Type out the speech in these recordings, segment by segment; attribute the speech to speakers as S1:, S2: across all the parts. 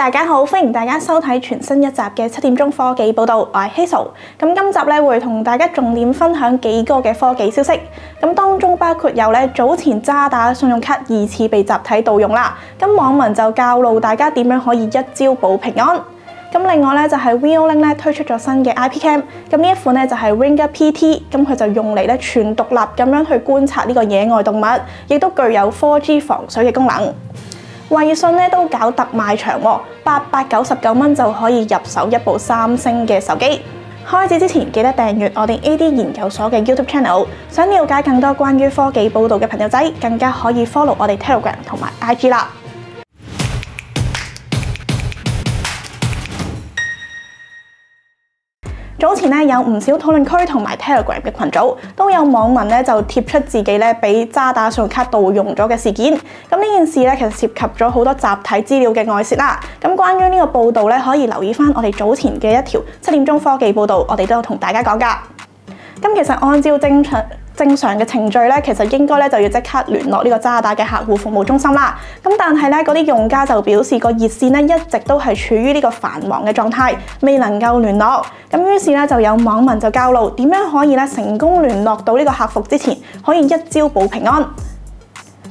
S1: 大家好，歡迎大家收睇全新一集嘅七點鐘科技報道，我係 Hazel。咁今集咧會同大家重點分享幾個嘅科技消息，咁當中包括有咧早前渣打信用卡二次被集體盜用啦，咁網民就教路大家點樣可以一招保平安。咁另外咧就係 Reolink 咧推出咗新嘅 IP Cam，咁呢一款咧就係 Ranger PT，咁佢就用嚟咧全獨立咁樣去觀察呢個野外動物，亦都具有 4G 防水嘅功能。衛訊都搞特賣場喎，八百九十九蚊就可以入手一部三星嘅手機。開始之前記得訂閱我哋 AD 研究所嘅 YouTube Channel。想了解更多關於科技報道嘅朋友仔，更加可以 follow 我哋 Telegram 同埋 IG 啦。早前咧有唔少討論區同埋 Telegram 嘅群組，都有網民咧就貼出自己咧被渣打信用卡盜用咗嘅事件。咁呢件事咧其實涉及咗好多集體資料嘅外泄啦。咁關於呢個報導呢可以留意返我哋早前嘅一條七點鐘科技報導，我哋都有同大家講㗎。咁其實按照正常。正常嘅程序咧，其實應該咧就要即刻聯絡呢個渣打嘅客戶服務中心啦。咁但係咧，嗰啲用家就表示個熱線咧一直都係處於呢個繁忙嘅狀態，未能夠聯絡。咁於是咧就有網民就教路點樣可以咧成功聯絡到呢個客服之前，可以一招保平安。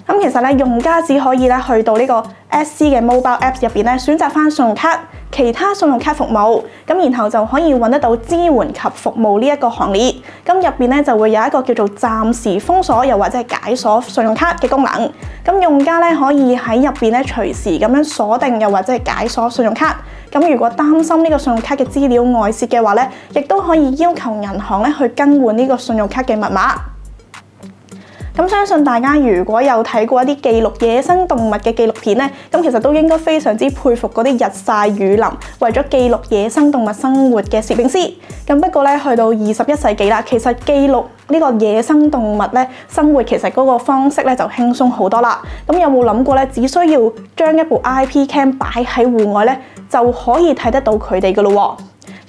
S1: 咁其實咧，用家只可以咧去到呢個。S C 嘅 mobile apps 入邊咧，選擇翻信用卡，其他信用卡服務，咁然後就可以揾得到支援及服務呢一個行列。咁入邊咧就會有一個叫做暫時封鎖又或者係解鎖信用卡嘅功能。咁用家咧可以喺入邊咧隨時咁樣鎖定又或者係解鎖信用卡。咁如果擔心呢個信用卡嘅資料外泄嘅話咧，亦都可以要求銀行咧去更換呢個信用卡嘅密碼。咁相信大家如果有睇過一啲記錄野生動物嘅紀錄片呢，咁其實都應該非常之佩服嗰啲日曬雨淋為咗記錄野生動物生活嘅攝影師。咁不過咧，去到二十一世紀啦，其實記錄呢個野生動物咧生活其實嗰個方式咧就輕鬆好多啦。咁有冇諗過咧？只需要將一部 IP Cam 擺喺戶外咧，就可以睇得到佢哋噶啦喎。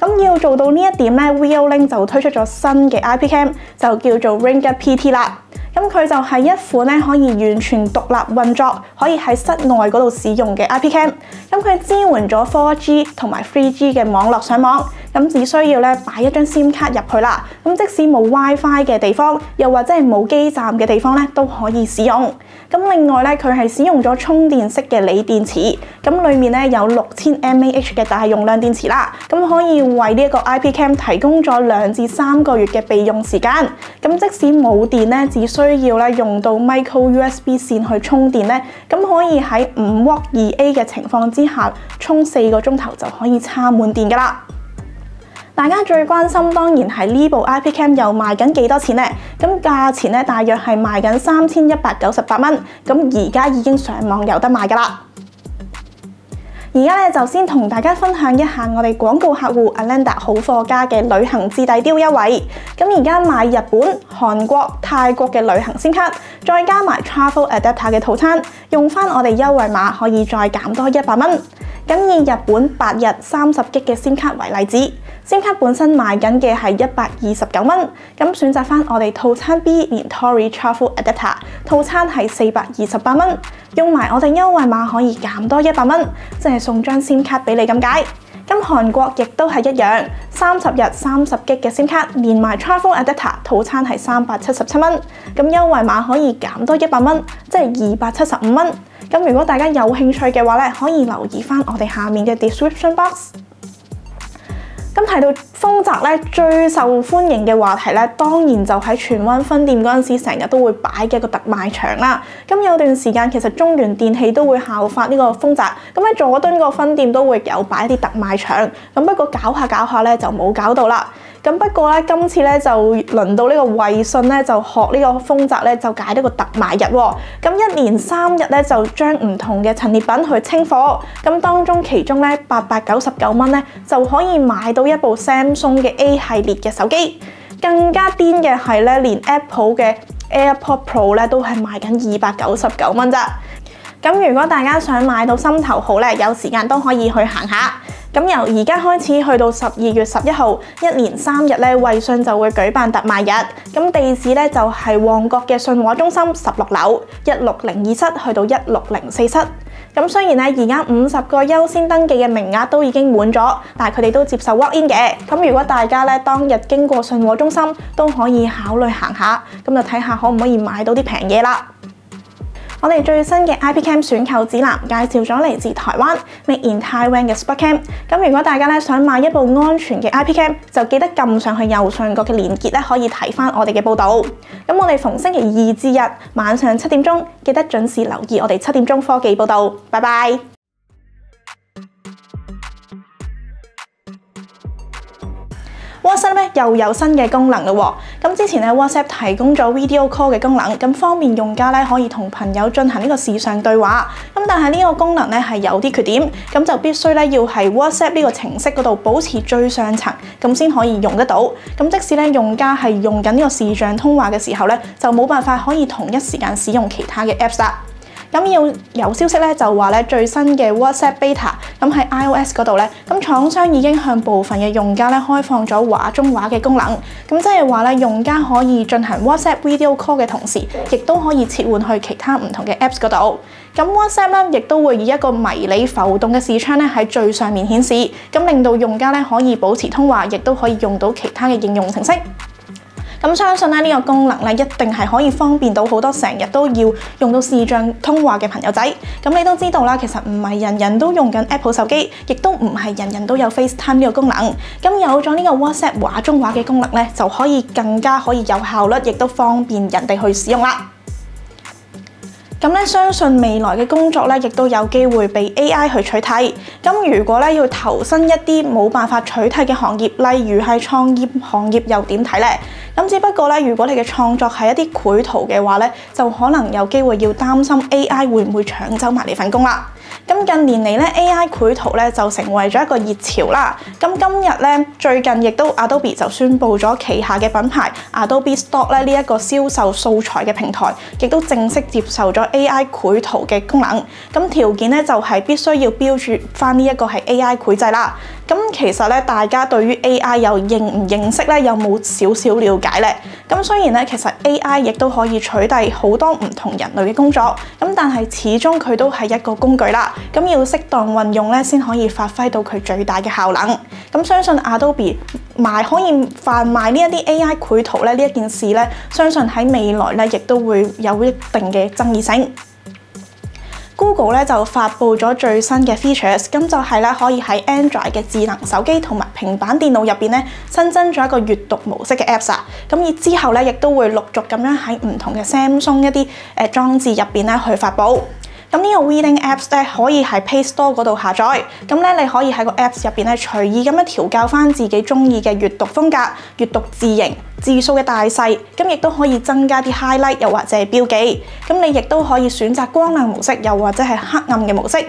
S1: 咁要做到呢一點咧，Reolink 就推出咗新嘅 IP Cam，就叫做 Ranger PT 啦。咁佢就係一款咧可以完全獨立運作，可以喺室內度使用嘅 IP Cam。咁佢支援咗 4G 同埋 3G 嘅網絡上網，咁只需要咧擺一張 SIM 卡入去啦。咁即使冇 WiFi 嘅地方，又或者係冇基站嘅地方咧，都可以使用。咁另外咧，佢係使用咗充電式嘅鋰電池。咁裏面咧有六千 mAh 嘅大容量電池啦。咁可以為呢一個 IP Cam 提供咗兩至三個月嘅備用時間，咁即使冇電咧，只需需要咧用到 Micro USB 線去充電咧，咁可以喺五 W 二 A 嘅情況之下充四個鐘頭就可以插滿電噶啦。大家最關心當然係呢部 IP Cam 又賣緊幾多錢呢？咁價錢咧大約係賣緊三千一百九十八蚊，咁而家已經上網有得賣噶啦。而家呢就先同大家分享一下我哋廣告客戶 Anlander 好貨家嘅旅行至抵雕優惠。咁而家買日本、韓國、泰國嘅旅行 SIM 卡，再加埋 Travel Adapter 嘅套餐，用返我哋優惠碼可以再減多一百蚊。咁以日本八日三十 G 嘅先卡為例子，先卡本身賣緊嘅係一百二十九蚊，咁選擇翻我哋套餐 B 連 Torrii Travel Adapter 套餐係四百二十八蚊，用埋我哋優惠碼可以減多、就是、一百蚊，即係送張先卡俾你咁解。咁韓國亦都係一樣，三十日三十 G 嘅先卡連埋 Travel Adapter 套餐係三百七十七蚊，咁優惠碼可以減多一百蚊，即係二百七十五蚊。咁如果大家有興趣嘅話咧，可以留意翻我哋下面嘅 description box。咁提到豐澤咧，最受歡迎嘅話題咧，當然就喺荃灣分店嗰陣時，成日都會擺嘅一個特賣場啦。咁有段時間其實中原電器都會效法呢個豐澤，咁喺佐敦個分店都會有擺一啲特賣場。咁不過搞下搞下咧，就冇搞到啦。咁不過咧，今次咧就輪到個呢個衛訊咧，就學個風呢個豐澤咧，就解呢個特賣日喎、哦。咁一連三日咧，就將唔同嘅陳列品去清貨。咁當中其中咧，八百九十九蚊咧就可以買到一部 Samsung 嘅 A 系列嘅手機。更加癲嘅係咧，連 Apple 嘅 AirPods Pro 咧都係賣緊二百九十九蚊咋。咁如果大家想買到心頭好咧，有時間都可以去行下。咁由而家開始去到十二月十一號一連三日呢，衛訊就會舉辦特賣日。咁地址呢，就係旺角嘅信和中心十六樓一六零二室去到一六零四室。咁雖然咧而家五十個優先登記嘅名額都已經滿咗，但係佢哋都接受 walk in 嘅。咁如果大家咧當日經過信和中心都可以考慮行下，咁就睇下可唔可以買到啲平嘢啦。我哋最新嘅 IP Cam 選購指南介紹咗嚟自台灣 Made in Taiwan 嘅 SpotCam。咁如果大家咧想買一部安全嘅 IP Cam，就記得撳上去右上角嘅連結咧，可以睇返我哋嘅報道。咁我哋逢星期二至日晚上七點鐘，記得準時留意我哋七點鐘科技報道。拜拜。又有新嘅功能咯喎，咁之前咧 WhatsApp 提供咗 Video Call 嘅功能，咁方便用家咧可以同朋友進行呢個視像對話。咁但係呢個功能咧係有啲缺點，咁就必須咧要係 WhatsApp 呢個程式嗰度保持最上層，咁先可以用得到。咁即使咧用家係用緊呢個視像通話嘅時候咧，就冇辦法可以同一時間使用其他嘅 Apps 啦。咁要有消息咧，就話咧最新嘅 WhatsApp Beta，咁喺 iOS 嗰度咧，咁廠商已經向部分嘅用家咧開放咗畫中畫嘅功能，咁即係話咧用家可以進行 WhatsApp Video Call 嘅同時，亦都可以切換去其他唔同嘅 Apps 度。咁 WhatsApp 咧亦都會以一個迷你浮動嘅視窗咧喺最上面顯示，咁令到用家咧可以保持通話，亦都可以用到其他嘅應用程式。咁相信咧，呢個功能一定係可以方便到好多成日都要用到視像通話嘅朋友仔。咁你都知道啦，其實唔係人人都用緊 Apple 手機，亦都唔係人人都有 FaceTime 呢個功能。咁有咗呢個 WhatsApp 畫中畫嘅功能咧，就可以更加可以有效率，亦都方便人哋去使用啦。相信未來嘅工作咧，亦都有機會被 AI 去取替。如果要投身一啲冇辦法取替嘅行業，例如係創業行業，又點睇咧？咁只不過如果你嘅創作係一啲繪圖嘅話，就可能有機會要擔心 AI 會唔會搶走埋你份工啦。咁近年嚟咧，AI 繪圖咧就成為咗一個熱潮啦。咁今日咧，最近亦都 Adobe 就宣布咗旗下嘅品牌 Adobe Stock 咧呢一個銷售素材嘅平台，亦都正式接受咗 AI 繪圖嘅功能。咁條件咧就係必須要標註返呢一個係 AI 繪製啦。咁其實咧，大家對於 AI 又認唔認識咧，有冇少少了解呢？咁雖然咧，其實 AI 亦都可以取代好多唔同人類嘅工作，咁但係始終佢都係一個工具啦，咁要適當運用咧，先可以發揮到佢最大嘅效能。咁、嗯、相信 Adobe 賣可以販賣呢一啲 AI 繪圖咧呢一件事咧，相信喺未來咧亦都會有一定嘅爭議性。Google 咧，就發布咗最新嘅 features，咁就係可以喺 Android 嘅智能手機同埋平板電腦入面新增咗一個閱讀模式嘅 apps 啊，咁而之後咧亦都會陸續咁樣喺唔同嘅 Samsung 一啲誒裝置入面去發布。咁呢個 Reading Apps 咧可以喺 Play Store 嗰度下載，咁你可以喺個 Apps 入邊隨意咁樣調校返自己鍾意嘅閱讀風格、閱讀字形、字數嘅大細，咁亦都可以增加啲 highlight 又或者係標記，咁你亦都可以選擇光亮模式又或者係黑暗嘅模式。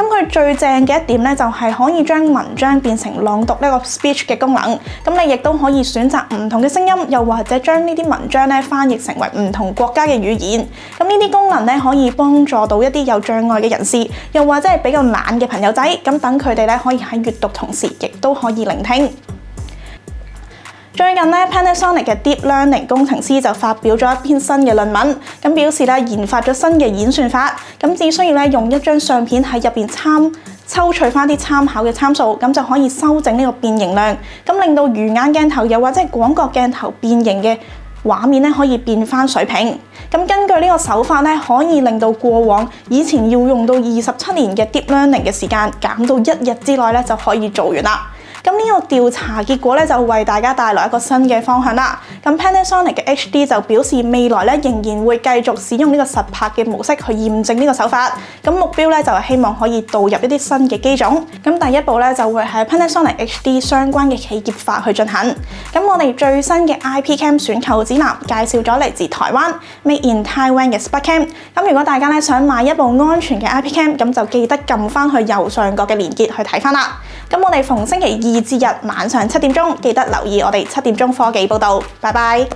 S1: 咁佢最正嘅一點咧，就係可以將文章變成朗讀呢個 speech 嘅功能。咁你亦都可以選擇唔同嘅聲音，又或者將呢啲文章咧翻譯成為唔同國家嘅語言。咁呢啲功能咧，可以幫助到一啲有障礙嘅人士，又或者係比較懶嘅朋友仔。咁等佢哋咧，可以喺閱讀同時亦都可以聆聽。最近 Panasonic 嘅 Deep Learning 工程師就發表咗一篇新嘅論文，表示研發咗新嘅演算法，只需要用一張相片喺入面參抽取翻啲參考嘅參數，咁就可以修正呢個變形量，咁令到魚眼鏡頭又或者係廣角鏡頭變形嘅畫面可以變翻水平。咁根據呢個手法可以令到過往以前要用到二十七年嘅 Deep Learning 嘅時間減到一日之內就可以做完啦。咁呢個調查結果咧，就為大家帶來一個新嘅方向啦。咁 Panasonic 嘅 HD 就表示未來仍然會繼續使用呢個實拍嘅模式去驗證呢個手法。咁目標咧就係希望可以導入一啲新嘅機種。咁第一步咧就會喺 Panasonic HD 相關嘅企業化去進行。咁我哋最新嘅 IP Cam 選購指南介紹咗嚟自台灣 Made in Taiwan 嘅 Spark Cam。咁如果大家咧想買一部安全嘅 IP Cam，咁就記得撳翻去右上角嘅連結去睇翻啦。咁我哋逢星期二至日晚上七點鐘，記得留意我哋七點鐘科技報道，拜拜。